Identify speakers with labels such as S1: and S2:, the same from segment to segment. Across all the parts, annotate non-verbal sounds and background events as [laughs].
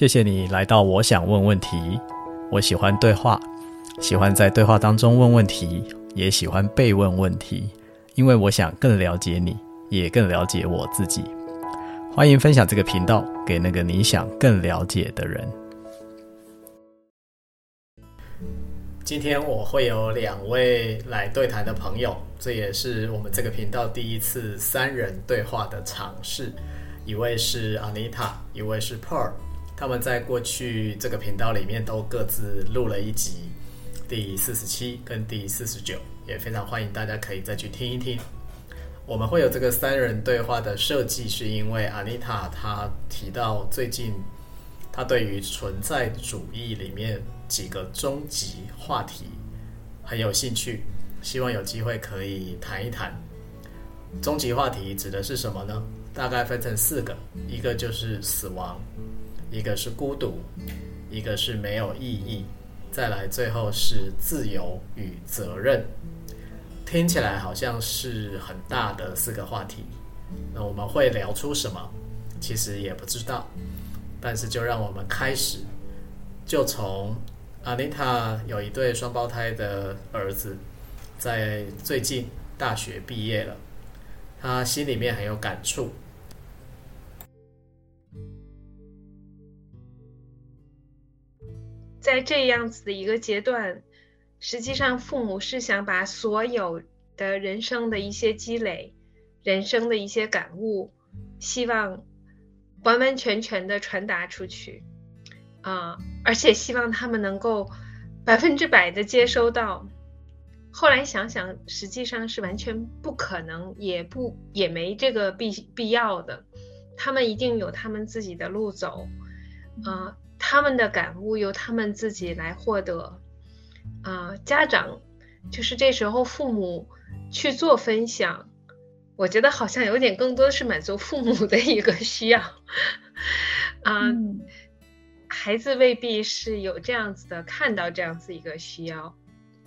S1: 謝謝你來到。我想問問題，我喜歡對話，喜歡在對話當中問問題，也喜歡被問問題，因為我想更了解你，也更了解我自己。歡迎分享這個頻道給那個你想更了解的人。今天我會有兩位來對談的朋友，這也是我們這個頻道第一次三人對話的嘗試。一位是 Anita，一位是 Pearl。他們在過去這個頻道裡面都各自錄了一集，第四十七跟第四十九，也非常歡迎大家可以再去聽一聽。我們會有這個三人對話的設計，是因為阿妮塔她提到最近她對於存在主義裡面幾個終極話題很有興趣，希望有機會可以談一談。終極話題指的是什麼呢？大概分成四個，一個就是死亡。一個是孤獨，一個是沒有意義，再來最後是自由與責任。聽起來好像是很大的四個話題，那我們會聊出什麼？其實也不知道，但是就讓我們開始，就從 Anita 有一對雙胞胎的兒子，在最近大學畢業了，他心裡面很有感觸。
S2: 在這樣子的一個階段，實際上父母是想把所有的人生的一些積累、人生的一些感悟，希望完完全全的傳達出去，啊、呃，而且希望他們能夠百分之百的接收到。後來想想，實際上是完全不可能，也不也沒這個必必要的。他們一定有他們自己的路走，啊、呃。他們的感悟由他們自己來獲得，啊、呃，家長就是這時候父母去做分享，我覺得好像有點更多是滿足父母的一個需要，啊，嗯、孩子未必是有這樣子的看到這樣子一個需要，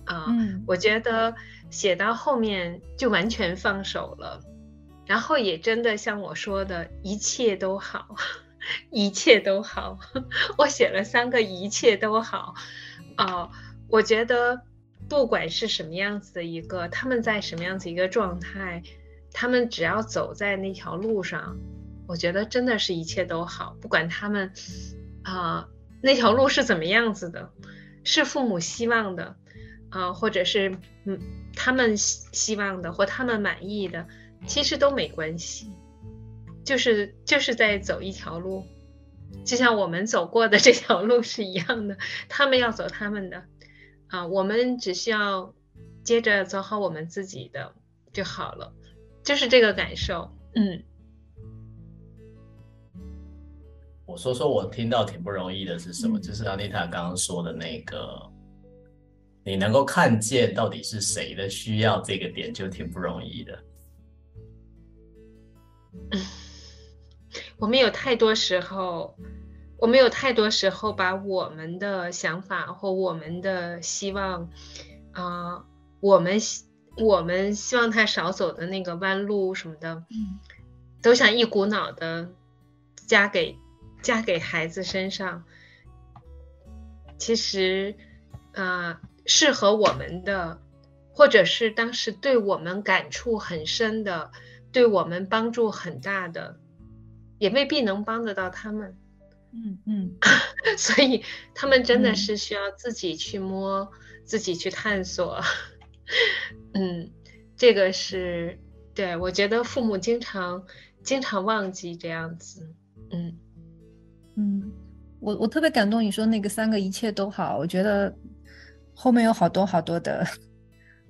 S2: 啊，嗯、我覺得寫到後面就完全放手了，然後也真的像我說的，一切都好。一切都好，我寫了三個一切都好。哦、呃，我覺得不管是什麼樣子的一個，他們在什麼樣子一個狀態，他們只要走在那條路上，我覺得真的是一切都好。不管他們啊、呃，那條路是怎麼樣子的，是父母希望的啊、呃，或者是嗯他們希希望的或他們滿意的，其實都沒關係。就是就是在走一條路，就像我們走過的這條路是一樣的。他們要走他們的，啊，我們只需要接着走好我們自己的就好了，就是這個感受。嗯，
S1: 我說說我聽到挺不容易的是什麼？嗯、就是 Anita 剛剛說的那個，你能夠看見到底是誰的需要這個點就挺不容易的。嗯。
S2: 我們有太多時候，我們有太多時候把我們的想法或我們的希望，啊、呃，我們我們希望他少走的那個彎路什麼的，都想一股腦的加給加給孩子身上。其實，啊、呃，適合我們的，或者是當時對我們感觸很深的，對我們幫助很大的。也未必能幫得到他們，嗯嗯，嗯 [laughs] 所以他們真的是需要自己去摸，嗯、自己去探索， [laughs] 嗯，這個是，對，我覺得父母經常經常忘記這樣子，嗯
S3: 嗯，我我特別感動你說那個三個一切都好，我覺得後面有好多好多的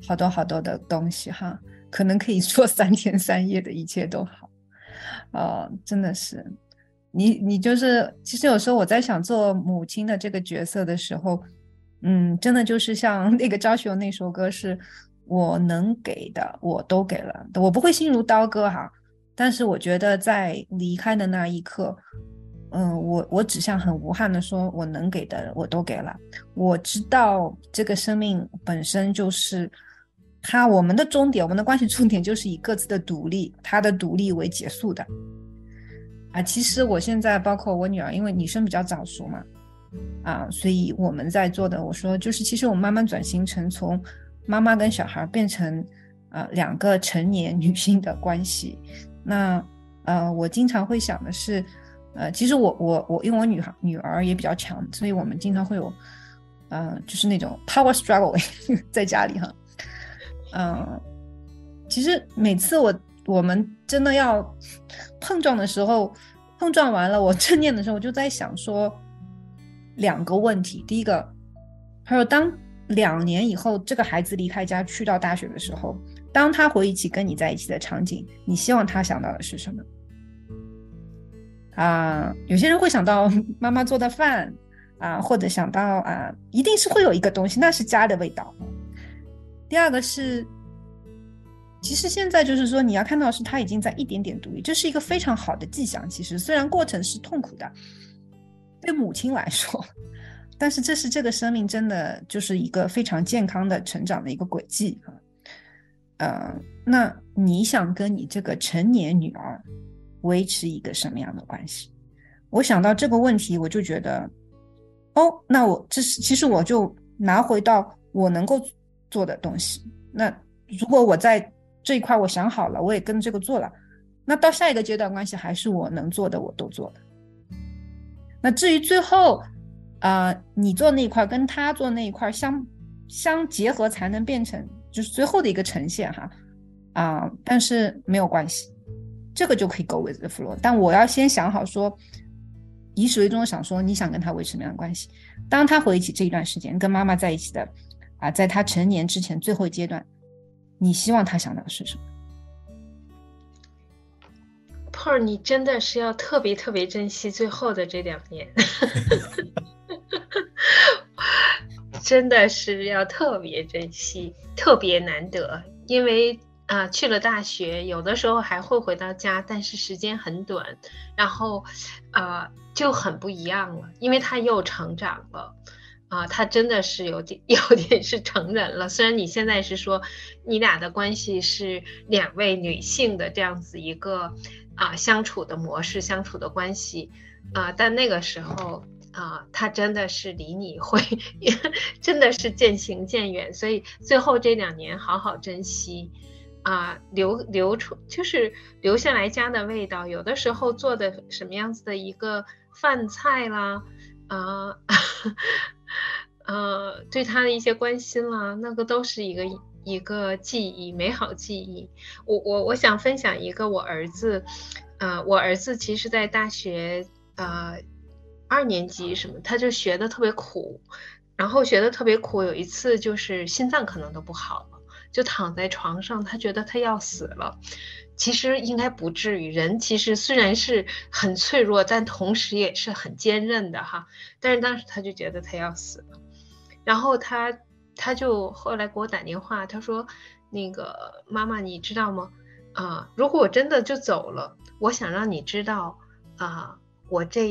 S3: 好多好多的東西哈，可能可以說三天三夜的一切都好。呃，真的是，你你就是，其實有時候我在想做母親的這個角色的時候，嗯，真的就是像那個張學友那首歌是，是我能給的我都給了，我不會心如刀割哈。但是我覺得在離開的那一刻，嗯，我我只想很無憾的說，我能給的我都給了。我知道這個生命本身就是。他我們的終點，我們的關係終點就是以各自的獨立，他的獨立為結束的，啊，其實我現在包括我女兒，因為女生比較早熟嘛，啊，所以我們在做的，我說就是其實我慢慢轉型成從媽媽跟小孩變成啊、呃、兩個成年女性的關係，那呃，我經常會想的是，呃，其實我我我因為我女孩女兒也比較強，所以我們經常會有，呃，就是那種 power struggle [laughs] 在家裡哈。嗯，其實每次我我們真的要碰撞的時候，碰撞完了我正念的時候，我就在想說兩個問題。第一個，還有當兩年以後這個孩子離開家去到大學的時候，當他回憶起跟你在一起的場景，你希望他想到的是什麼？啊、嗯，有些人會想到媽媽做的飯啊，或者想到啊，一定是會有一個東西，那是家的味道。第二個是，其實現在就是說，你要看到是，他已經在一點點獨立，這是一個非常好的跡象。其實，雖然過程是痛苦的，對母親來說，但是這是這個生命真的就是一個非常健康的成長的一個軌跡啊。呃，那你想跟你這個成年女兒維持一個什麼樣的關係？我想到這個問題，我就覺得，哦，那我這是其實我就拿回到我能夠做的東西，那如果我在這一塊，我想好了，我也跟這個做了，那到下一個階段關係還是我能做的我都做了。那至於最後，啊、呃，你做那一塊跟他做那一塊相相結合，才能變成就是最後的一個呈現哈啊、呃，但是沒有關係，這個就可以 go with the flow。但我要先想好說，以始為終想說你想跟他維持什麼樣的關係。當他回憶起這一段時間跟媽媽在一起的。啊，在他成年之前最後階段，你希望他想到的是什麼
S2: ？Pearl，你真的是要特別特別珍惜最後的這兩年， [laughs] [laughs] [laughs] 真的是要特別珍惜，特別難得。因為啊、呃，去了大學，有的時候還會回到家，但是時間很短，然後啊、呃、就很不一樣了，因為他又成長了。啊，他真的是有點有點是成人了。雖然你現在是說，你倆的關係是兩位女性的這樣子一個啊相處的模式、相處的關係啊，但那個時候啊，他真的是離你會 [laughs] 真的是漸行漸遠。所以最後這兩年，好好珍惜啊，留留出就是留下來家的味道。有的時候做的什麼樣子的一個飯菜啦啊。 [laughs] 呃，對他的一些關心啦，那個都是一個一個記憶，美好記憶。我我我想分享一個我兒子，呃，我兒子其實，在大學呃二年級什麼，他就學得特別苦，然後學得特別苦，有一次就是心臟可能都不好了，就躺在床上，他覺得他要死了。其實應該不至於人，人其實雖然是很脆弱，但同時也是很堅韌的哈。但是當時他就覺得他要死了，然後他他就後來給我打電話，他說：“那個媽媽，你知道嗎？啊，如果我真的就走了，我想讓你知道，啊，我這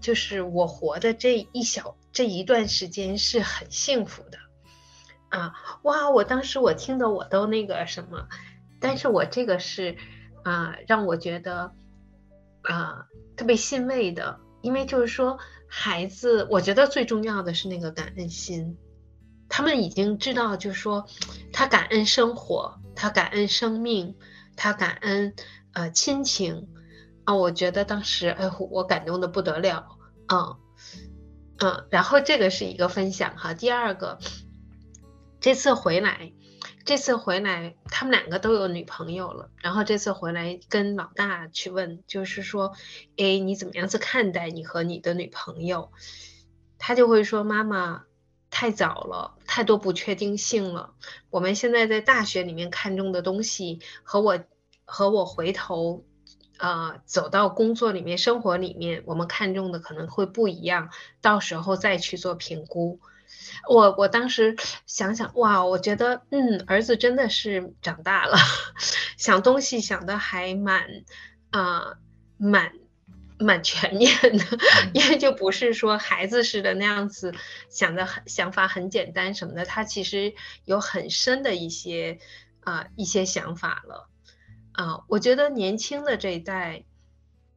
S2: 就是我活的這一小這一段時間是很幸福的。”啊，哇！我當時我聽的我都那個什麼。但是我這個是，啊、呃，讓我覺得，啊、呃，特別欣慰的，因為就是說，孩子，我覺得最重要的是那個感恩心，他們已經知道，就是說，他感恩生活，他感恩生命，他感恩，呃，親情，啊、呃，我覺得當時，哎呦，我感動得不得了，嗯，嗯，然後這個是一個分享哈，第二個，這次回來。這次回來，他們兩個都有女朋友了。然後這次回來跟老大去問，就是說，哎，你怎麼樣子看待你和你的女朋友？他就會說，媽媽，太早了，太多不確定性了。我們現在在大學裡面看中的東西，和我，和我回頭，呃，走到工作裡面、生活裡面，我們看中的可能會不一樣。到時候再去做評估。我我當時想想，哇，我覺得，嗯，兒子真的是長大了，想東西想得還蠻，啊、呃，蠻，蠻全面的，因為就不是說孩子似的那樣子想的，想法很簡單什麼的，他其實有很深的一些，啊、呃，一些想法了，啊、呃，我覺得年輕的這一代，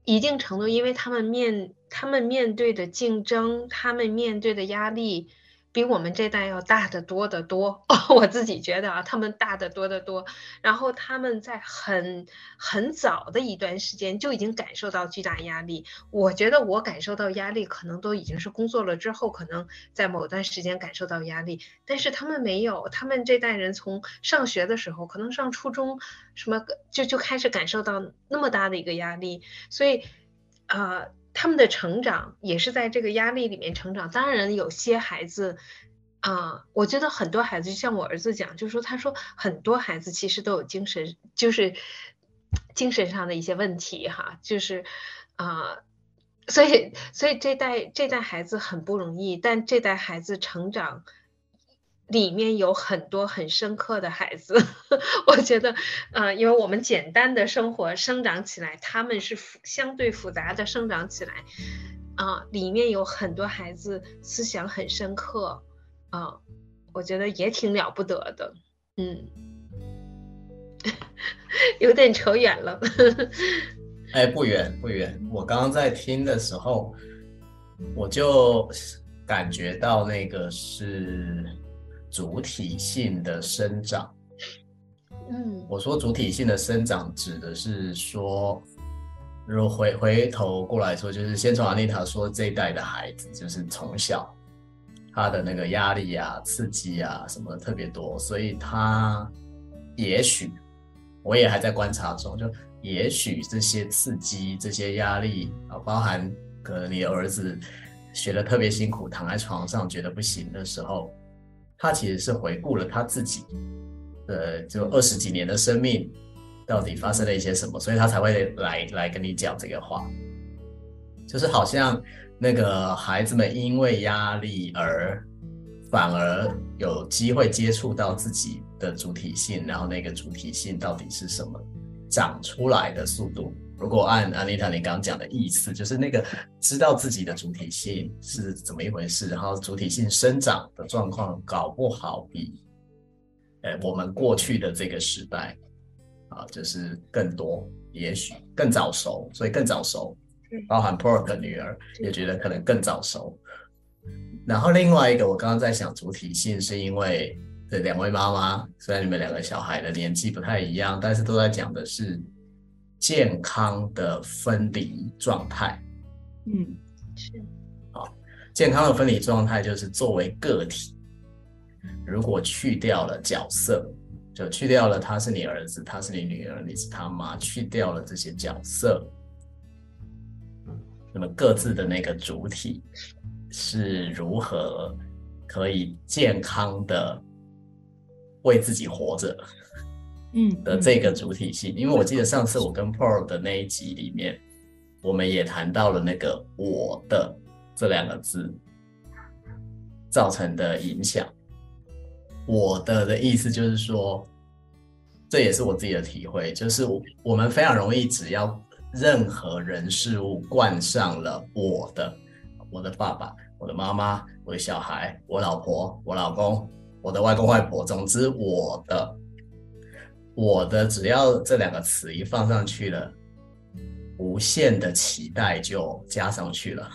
S2: 一定程度，因為他們面他們面對的競爭，他們面對的壓力，比我們這代要大得多得多，我自己覺得啊，他們大得多得多。然後他們在很很早的一段時間就已經感受到巨大壓力。我覺得我感受到壓力，可能都已經是工作了之後，可能在某段時間感受到壓力。但是他們沒有，他們這代人從上學的時候，可能上初中，什麼就就開始感受到那麼大的一個壓力。所以，啊、呃。他們的成長也是在這個壓力裡面成長。當然，有些孩子，啊、呃，我覺得很多孩子，就像我兒子講，就是說，他說很多孩子其實都有精神，就是精神上的一些問題，哈，就是，啊、呃，所以，所以這代這代孩子很不容易，但這代孩子成長。裡面有很多很深刻的孩子， [laughs] 我覺得，呃，因為我們簡單的生活生長起來，他們是相對複雜的生長起來，啊、呃，裡面有很多孩子思想很深刻，啊、呃，我覺得也挺了不得的，嗯， [laughs] 有點扯遠了， [laughs] 哎、欸，不遠
S1: 不遠，我剛剛在聽的時候，我就感覺到那個是，主體性的生長，嗯，我說主體性的生長指的是說，如果回回頭過來說，就是先從 Anita 說這一代的孩子，就是從小他的那個壓力啊、刺激啊什麼的特別多，所以他也許我也還在觀察中，就也許這些刺激、這些壓力啊，包含可能你兒子學得特別辛苦，躺在床上覺得不行的時候。他其實是回顧了他自己，呃，就二十幾年的生命，到底發生了一些什麼，所以他才會來來跟你講這個話，就是好像那個孩子們因為壓力而反而有機會接觸到自己的主體性，然後那個主體性到底是什麼，長出來的速度。如果按 Anita 你剛剛講的意思，就是那個知道自己的主體性是怎麼一回事，然後主體性生長的狀況搞不好比，呃，我們過去的這個時代，啊，就是更多，也許更早熟，所以更早熟，包含 Pearl 的女兒也覺得可能更早熟。然後另外一個我剛剛在想主體性，是因為這兩位媽媽雖然你們兩個小孩的年紀不太一樣，但是都在講的是。健康的分離狀態，
S2: 嗯，
S1: 是，好，健康的分離狀態就是作為個體，如果去掉了角色，就去掉了他是你兒子，他是你女兒，你是他媽，去掉了這些角色，那麼各自的那個主體是如何可以健康的為自己活着？嗯的這個主體性，因為我記得上次我跟 Pearl 的那一集裡面，我們也談到了那個“我的”這兩個字造成的影響。我的的意思就是說，這也是我自己的體會，就是我我們非常容易只要任何人事物冠上了“我的”，我的爸爸、我的媽媽、我的小孩、我老婆、我老公、我的外公外婆，總之我的。我的只要這兩個詞一放上去了，無限的期待就加上去了。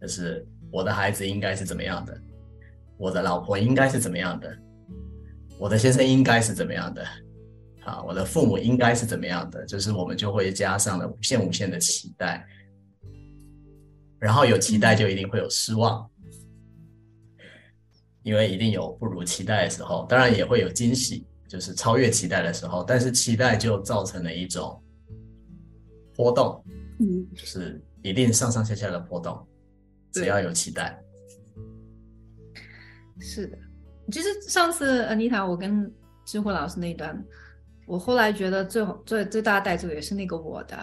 S1: 就是我的孩子應該是怎麼樣的，我的老婆應該是怎麼樣的，我的先生應該是怎麼樣的，啊，我的父母應該是怎麼樣的，就是我們就會加上了無限無限的期待。然後有期待就一定會有失望，因為一定有不如期待的時候，當然也會有驚喜。就是超越期待的時候，但是期待就造成了一種波動，嗯，
S2: 就
S1: 是一定上上下下的波動。對只要有期待。
S3: 是的，其、就、實、是、上次 Anita，我跟智慧老師那一段，我後來覺得最最最大帶入也是那個我的。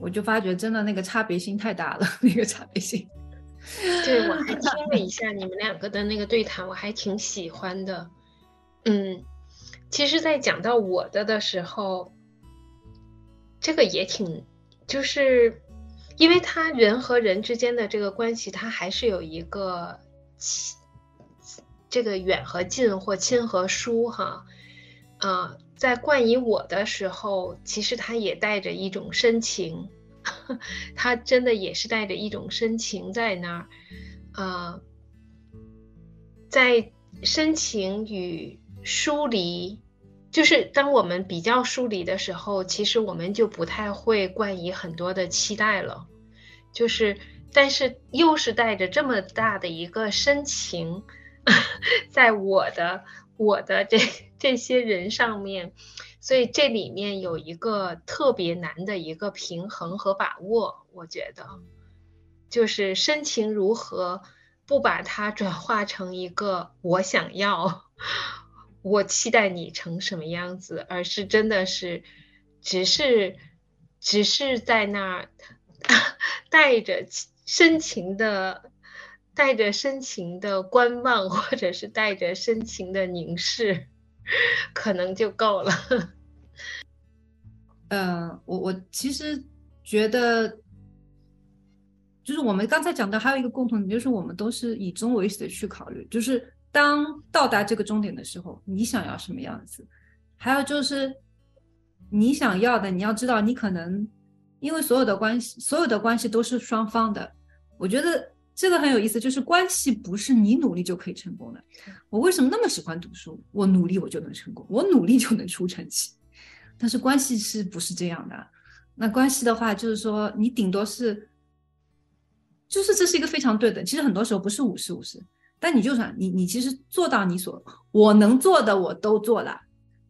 S3: 我就發覺真的那個差別性太大了，那個差別性。
S2: [laughs] 對，我還聽了一下你們兩個的那個對談，我還挺喜歡的，嗯。其實，在講到我的的時候，這個也挺，就是，因為他人和人之間的這個關係，他還是有一個，這個遠和近或親和疏哈，啊、呃，在冠以我的時候，其實他也帶着一種深情，呵呵他真的也是帶着一種深情在那兒，啊、呃，在深情與疏離。就是當我們比較疏離的時候，其實我們就不太會冠以很多的期待了。就是，但是又是帶着這麼大的一個深情，在我的我的這這些人上面，所以這裡面有一個特別難的一個平衡和把握，我覺得，就是深情如何，不把它轉化成一個我想要。我期待你成什麼樣子，而是真的是，只是，只是在那兒帶着深情的，帶着深情的觀望，或者是帶着深情的
S3: 凝視，可能就夠了。嗯、呃，我我其實覺得，就是我們剛才講的，還有一個共同點，就是我們都是以終為始的去考慮，就是。當到達這個終點的時候，你想要什麼樣子？還有就是，你想要的，你要知道，你可能因為所有的關係，所有的關係都是雙方的。我覺得這個很有意思，就是關係不是你努力就可以成功的。我為什麼那麼喜歡讀書？我努力我就能成功，我努力就能出成績。但是關係是不是這樣的？那關係的話，就是說你頂多是，就是這是一個非常對等。其實很多時候不是五十五十。但你就算你你其實做到你所我能做的我都做了，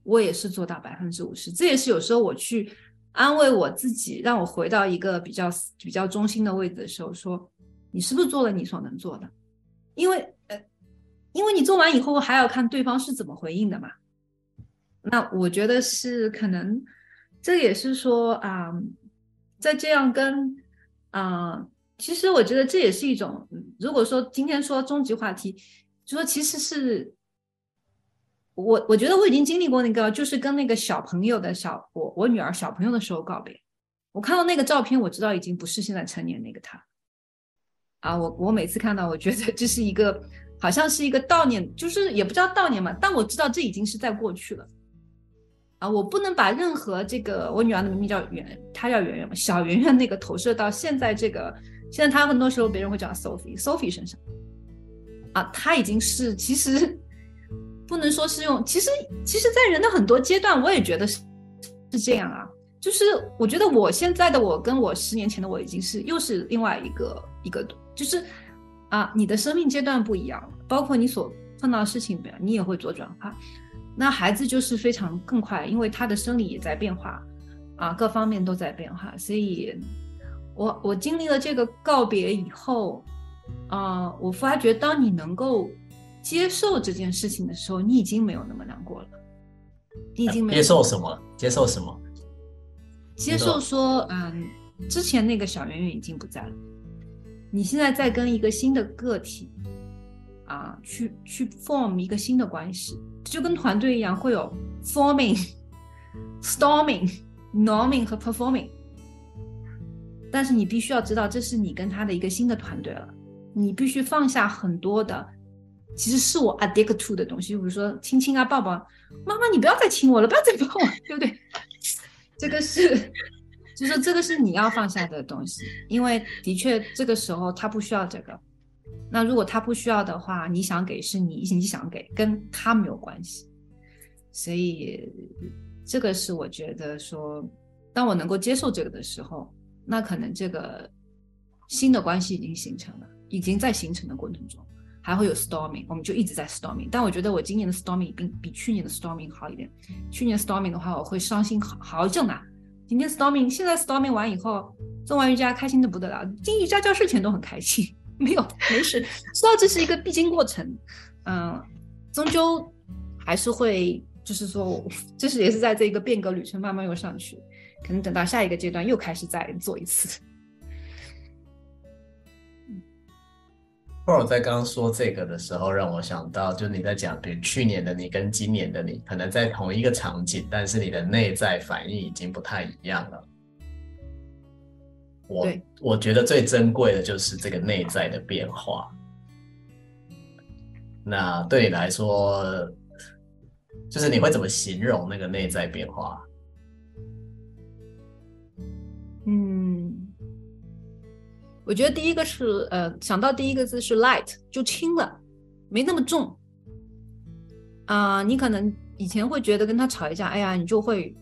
S3: 我也是做到百分之五十。這也是有時候我去安慰我自己，讓我回到一個比較比較中心的位置的時候，說你是不是做了你所能做的？因為呃，因為你做完以後還要看對方是怎麼回應的嘛。那我覺得是可能，這也是說啊、嗯，在這樣跟啊。嗯其實我覺得這也是一種，如果說今天說終極話題，就說其實是，我我覺得我已經經歷過那個，就是跟那個小朋友的小我我女兒小朋友的時候告別。我看到那個照片，我知道已經不是現在成年那個她。啊，我我每次看到，我覺得這是一個好像是一個悼念，就是也不叫悼念嘛，但我知道這已經是在過去了。啊，我不能把任何這個我女兒的名字叫圓，她叫圓圓嘛，小圓圓那個投射到現在這個。現在他很多時候別人會講 Sophie、Sophie 身上，啊，他已經是其實不能說是用，其實其實，在人的很多階段，我也覺得是是這樣啊，就是我覺得我現在的我跟我十年前的我已經是又是另外一個一個，就是啊，你的生命階段不一樣，包括你所碰到的事情不一樣，你也會做轉化。那孩子就是非常更快，因為他的生理也在變化，啊，各方面都在變化，所以。我我經歷了這個告別以後，啊、呃，我發覺當你能夠接受這件事情的時候，你已經沒有那麼難過了，你已經沒有接受
S1: 什麼？接受什麼？接受
S3: 說，說嗯，之前那個小圓圓已經不在了，你現在在跟一個新的個體啊，去去 form 一個新的關係，就跟團隊一樣，會有 forming、storming、norming 和 performing。但是你必須要知道，這是你跟他的一個新的團隊了。你必須放下很多的，其實是我 addict to 的東西，比如說親親啊、抱抱，媽媽你不要再親我了，不要再抱我，對不對？這個是，就是說這個是你要放下的東西，因為的確這個時候他不需要這個。那如果他不需要的話，你想給是你你想給，跟他沒有關係。所以這個是我覺得說，當我能夠接受這個的時候。那可能這個新的關係已經形成了，已經在形成的過程中，還會有 storming，我們就一直在 storming。但我覺得我今年的 storming 比比去年的 storming 好一點。去年 storming 的話，我會傷心好好一陣啊。今天 storming，現在 storming 完以後，做完瑜伽開心的不得了，進瑜伽教室前都很開心，沒有沒事，知道這是一個必經過程。嗯，終究還是會就是說，這是也是在這個變革旅程慢慢又上去。可能等到下一個階段又開始再做一次。
S1: 或我在剛剛說這個的時候，讓我想到，就你在講，比如去年的你跟今年的你，可能在同一個場景，但是你的內在反應已經不太一樣了。我對我覺得最珍貴的就是這個內在的變化。那對你來說，就是你會怎麼形容那個內在變化？
S3: 我覺得第一個是呃，想到第一個字是 light 就輕了，沒那麼重啊。呃，你可能以前會覺得跟他吵一架，哎呀，你就會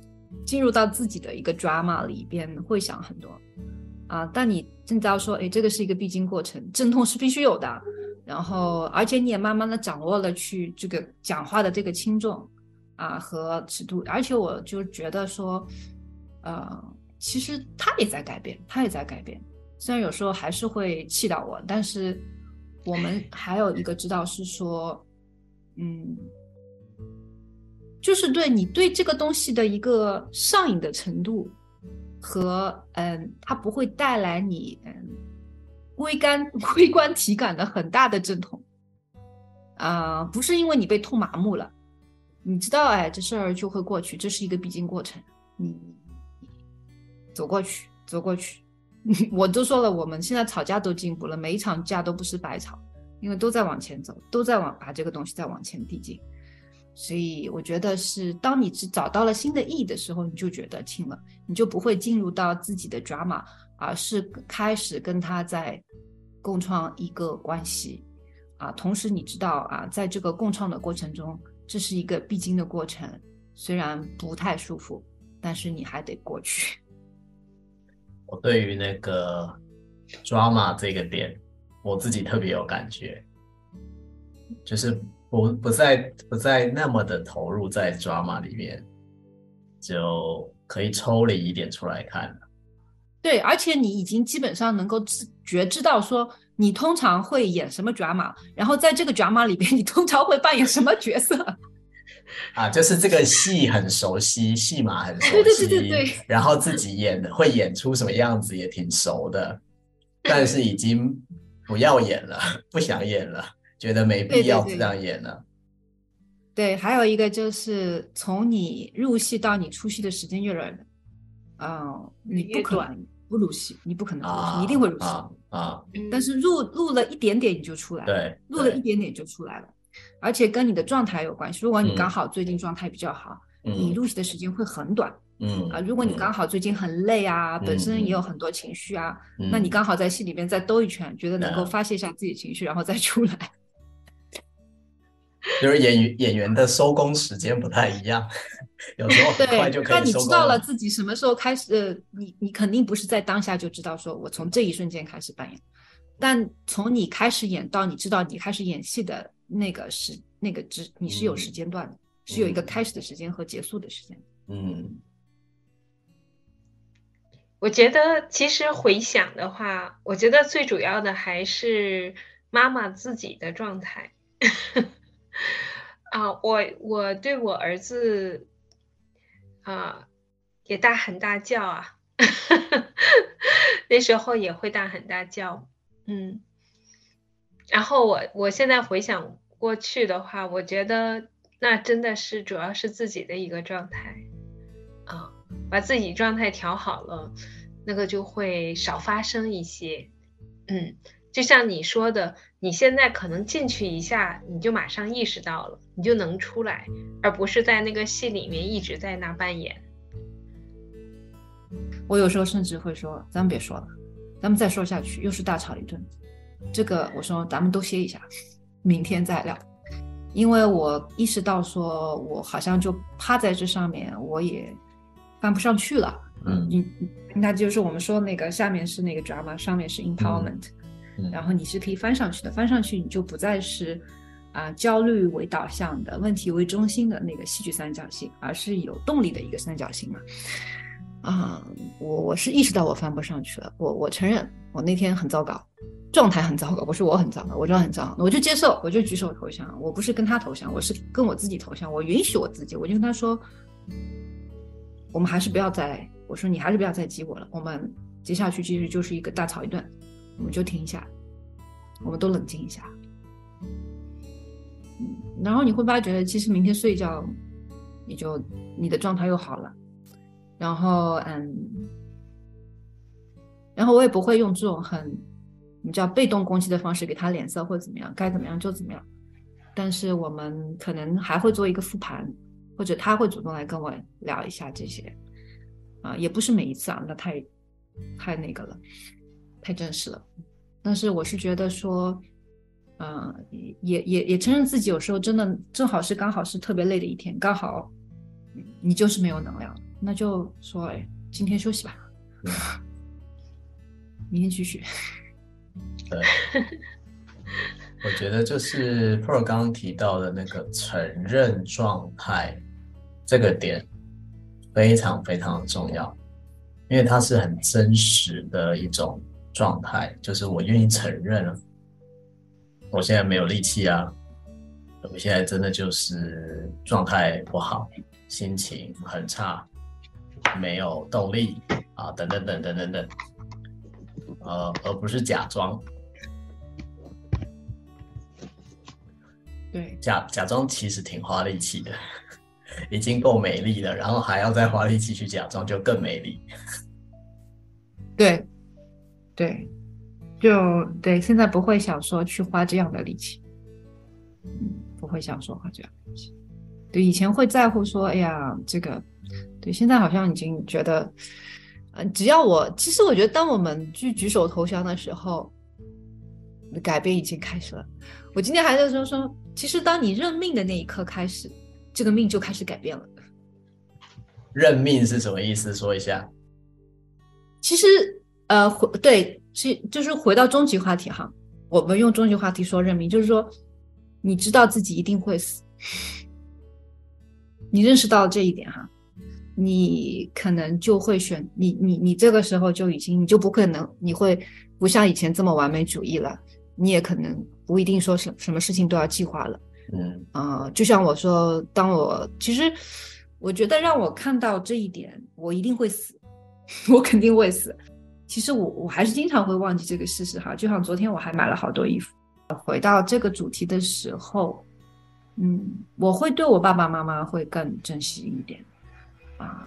S3: 進入到自己的一個 drama 裡邊，會想很多啊。呃，但你現在說，哎，這個是一個必經過程，陣痛是必須有的。然後，而且你也慢慢的掌握了去這個講話的這個輕重啊，呃，和尺度。而且，我就覺得說，呃，其實他也在改變，他也在改變。雖然有時候還是會氣到我，但是我們還有一個知道是說，嗯，就是對你對這個東西的一個上癮的程度和嗯，它，不會帶來你嗯微觀微觀體感的很大的陣痛，啊、呃，不是因為你被痛麻木了，你知道，哎，這事兒就會過去，這是一個必經過程，你走過去，走過去。 [noise] 我都說了，我們現在吵架都進步了，每一場架都不是白吵，因為都在往前走，都在往把、啊、這個東西在往前遞進。所以我覺得是當你只找到了新的意義的時候，你就覺得輕了，你就不會進入到自己的 drama，而是開始跟他在共創一個關係。啊，同時你知道啊，在這個共創的過程中，這是一個必經的過程，雖然不太舒服，但是你還得過去。
S1: 我對於那個 drama 這個點，我自己特別有感覺，就是不不再不再那麼的投入在 drama 裡面，就可以抽離一點出來看了。
S3: 對，而且你已經基本上能夠自覺知道說，你通常會演什麼 drama，然後在這個 drama 裡邊，你通常會扮演什麼角色。
S1: 啊，就是這個戲很熟悉，戲碼 [laughs] 很熟悉，然後自己演的 [laughs] 會演出什麼樣子也挺熟的，但是已經不要演了，不想演了，覺得沒必要這樣演了。
S3: 對，對，對，對，還有一個就是從你入戲到你出戲的時間越來越嗯，你不可能不入戲，你不可能入戲，啊、你一定會入戲啊。啊但是入入了一點點你就出來了，對，入了一點點就出來了。而且跟你的狀態有關係。如果你剛好最近狀態比較好，嗯、你錄戲的時間會很短。嗯啊，如果你剛好最近很累啊，嗯、本身也有很多情緒啊，嗯、那你剛好在戲裡面再兜一圈，嗯、覺得能夠發洩一下自己情緒，嗯、然後再出來。就
S1: 是演員 [laughs] 演員的收工時間不太一樣，有時候很快就可以收工。對，那你知道了
S3: 自己什麼時候開始？你你肯定不是在當下就知道說，我從這一瞬間開始扮演。但從你開始演到你知道你開始演戲的。那個時那個只你是有時間段的，嗯、是有一個開始的時間和結束的時間。嗯，
S2: 我覺得其實回想的話，我覺得最主要的還是媽媽自己的狀態。 [laughs] 啊，我我對我兒子啊也大喊大叫啊， [laughs] 那時候也會大喊大叫。嗯，然後我我現在回想。過去的話，我覺得那真的是主要是自己的一個狀態，啊、哦，把自己狀態調好了，那個就會少發生一些。嗯，就像你說的，你現在可能進去一下，你就馬上意識到了，你就能出來，而不是在那個戲裡面一直在那扮演。
S3: 我有時候甚至會說，咱們別說了，咱們再說下去又是大吵一頓。這個我說，咱們都歇一下。明天再聊，因為我意識到說，我好像就趴在這上面，我也翻不上去了。嗯，嗯，那就是我們說那個下面，是那個 drama，上面是 empowerment，、嗯嗯、然後你是可以翻上去的，翻上去你就不再是啊、呃、焦慮為導向的問題為中心的那個戲劇三角形，而是有動力的一個三角形嘛。啊，uh, 我我是意識到我翻不上去了。我我承認我那天很糟糕，狀態很糟糕。不是我很糟糕，我狀態很糟，我就接受，我就舉手投降。我不是跟他投降，我是跟我自己投降，我允許我自己，我就跟他說，我們還是不要再，我說你還是不要再激我了。我們接下去其實就是一個大吵一頓，我們就停一下，我們都冷靜一下，嗯，然後你會發覺其實明天睡一覺，你就你的狀態又好了。然後嗯，然後我也不會用這種很，你知道被動攻擊的方式給他臉色或怎麼樣，該怎麼樣就怎麼樣。但是我們可能還會做一個複盤，或者他會主動來跟我聊一下這些。啊、呃，也不是每一次啊，那太太那個了，太真實了。但是我是覺得說，嗯、呃，也也也承認自己有時候真的正好是剛好是特別累的一天，剛好你就是沒有能量。那就說，哎，今天休息吧，嗯、明天繼續。對
S1: [laughs] 我覺得就是 Pearl 剛剛提到的那個承認狀態這個點非常非常的重要，因為它是很真實的一種狀態，就是我願意承認，我現在沒有力氣啊，我現在真的就是狀態不好，心情很差。沒有動力啊，等等等等等等，呃，而不是假裝。對，假假裝其實挺花力氣的，已經夠美麗了，然後還要再花力氣去假裝，就更美麗。
S3: 對，對，就對，現在不會想說去花這樣的力氣，嗯，不會想說花這樣的力氣，對，以前會在乎說，哎呀，這個。對，現在好像已經覺得，嗯、呃，只要我，其實我覺得，當我們去舉手投降的時候，改變已經開始了。我今天還在說說，其實當你認命的那一刻開始，這個命就開始改變了。
S1: 認命是什麼意思？說一下。
S3: 其實，呃，回對，其，就是回到終極話題哈。我們用終極話題說認命，就是說，你知道自己一定會死，你認識到這一點哈。你可能就會選你你你這個時候就已經你就不可能你會不像以前這麼完美主義了，你也可能不一定說什什麼事情都要計劃了，嗯啊，就像我說，當我其實我覺得讓我看到這一點，我一定會死，我肯定會死。其實我我還是經常會忘記這個事實哈。就像昨天我還買了好多衣服。回到這個主題的時候，嗯，我會對我爸爸媽媽會更珍惜一點。啊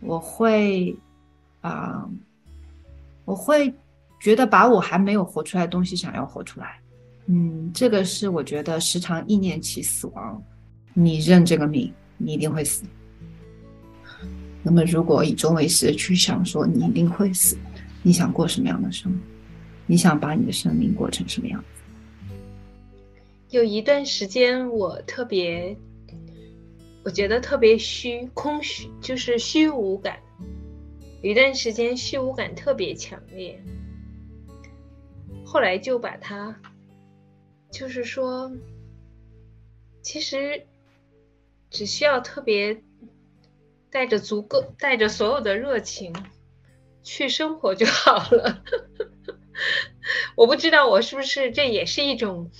S3: ，uh, 我會，啊、uh,，我會覺得把我還沒有活出來的東西想要活出來，嗯，這個是我覺得時常意念起死亡，你認這個命，你一定會死。那麼，如果以終為始去想，說你一定會死，你想過什麼樣的生？你想把你的生命過成什麼樣子？
S2: 有一段時間，我特別。我覺得特別虛，空虛，就是虛無感。一段時間，虛無感特別強烈。後來就把它，就是說，其實只需要特別帶着足夠、帶着所有的熱情去生活就好了。 [laughs] 我不知道我是不是這也是一種。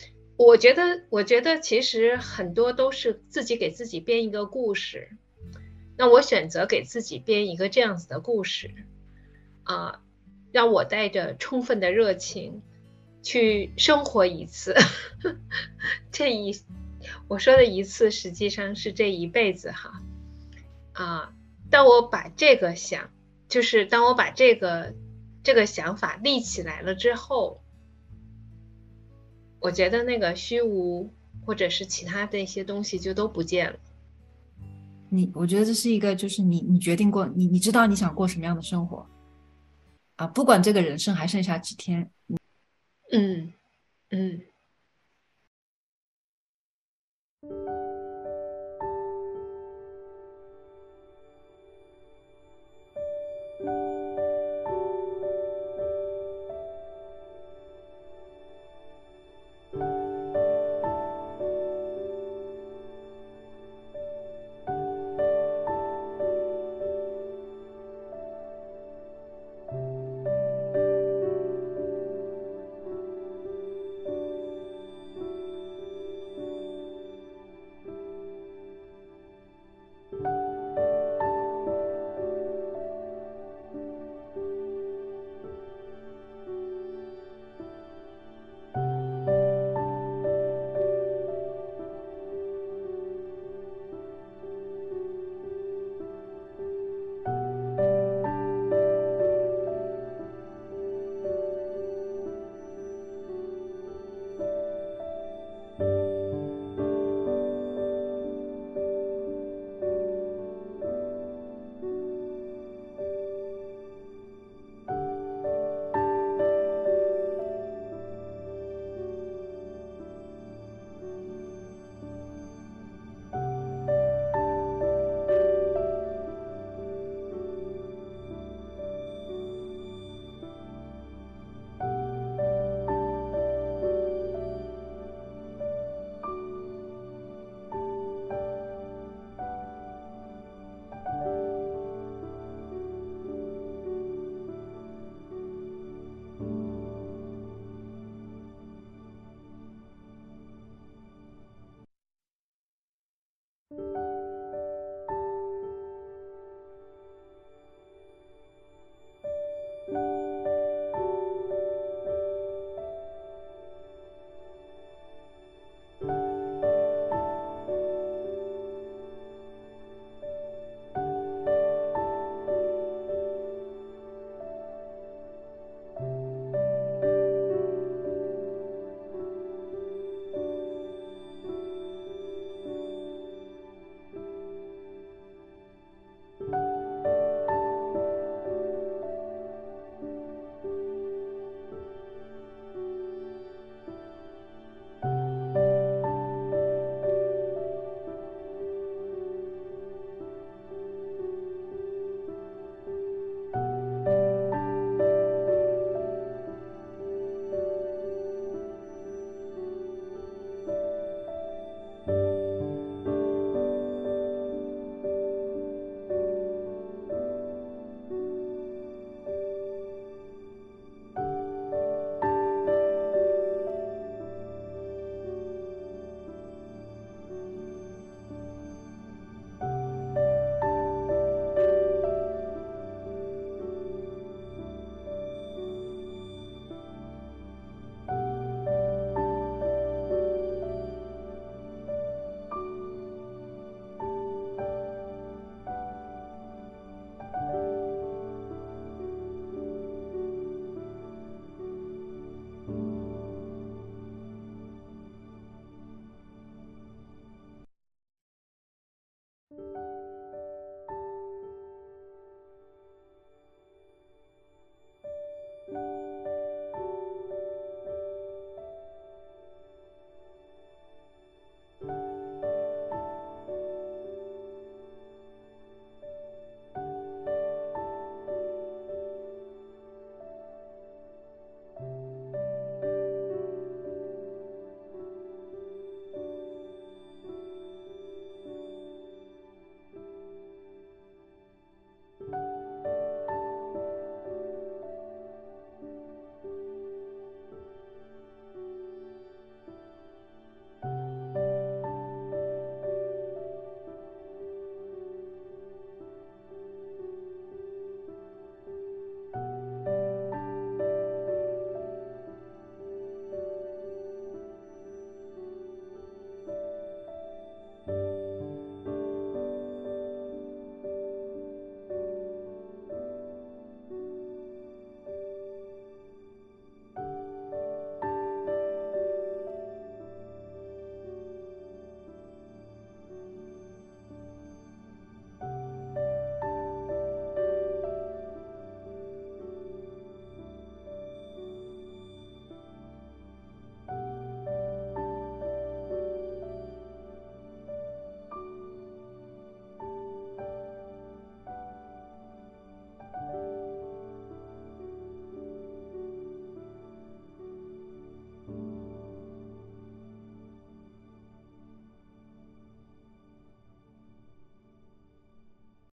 S2: 我覺得，我覺得其實很多都是自己給自己編一個故事。那我選擇給自己編一個這樣子的故事，啊，讓我帶着充分的熱情去生活一次。 [laughs] 這一，我說的一次實際上是這一輩子哈。啊，當我把這個想，就是當我把這個這個想法立起來了之後。我覺得那個虛無，或者是其他的一些東西就都不見了。
S3: 你，我覺得這是一個，就是你，你決定過，你，你知道你想過什麼樣的生活。啊，不管這個人生還剩下幾天，嗯，嗯。